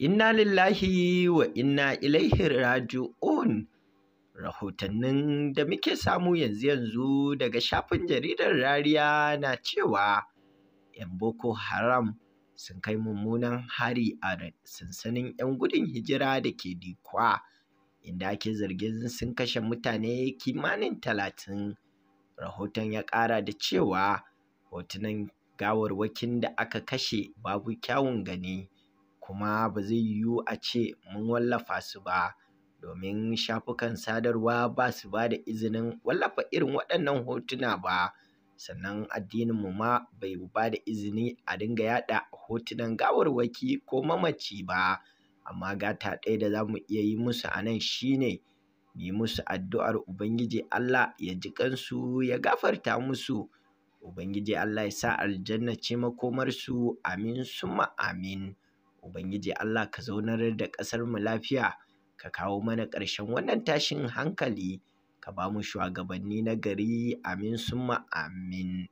Inna lillahi wa inna ilaihi raji'un. Rahotannin da muke samu yanzu yanzu daga shafin jaridar Rariya na cewa ‘yan Boko Haram sun kai mummunan hari a sansanin ‘yan gudun hijira da ke Dikwa, inda ake zargin sun kashe mutane kimanin talatin. Rahoton ya ƙara da cewa hotunan gawarwakin da aka kashe babu kyawun gani. kuma ba zai yiwu a ce mun wallafa su ba domin shafukan sadarwa ba su ba da izinin wallafa irin waɗannan hotuna ba. Sannan addininmu ma bai ba da izini a dinga yaɗa hotunan gawarwaki ko mamaci ba. Amma gata ɗaya da za mu iya yi musu a nan shi ne yi musu addu'ar Ubangiji Allah ya ji kansu ya gafarta musu. Ubangiji Allah ya sa aljanna ce makomarsu amin summa amin. Ubangiji Allah ka zaunar da ƙasar mu lafiya ka kawo mana ƙarshen wannan tashin hankali ka ba mu shugabanni na gari amin summa amin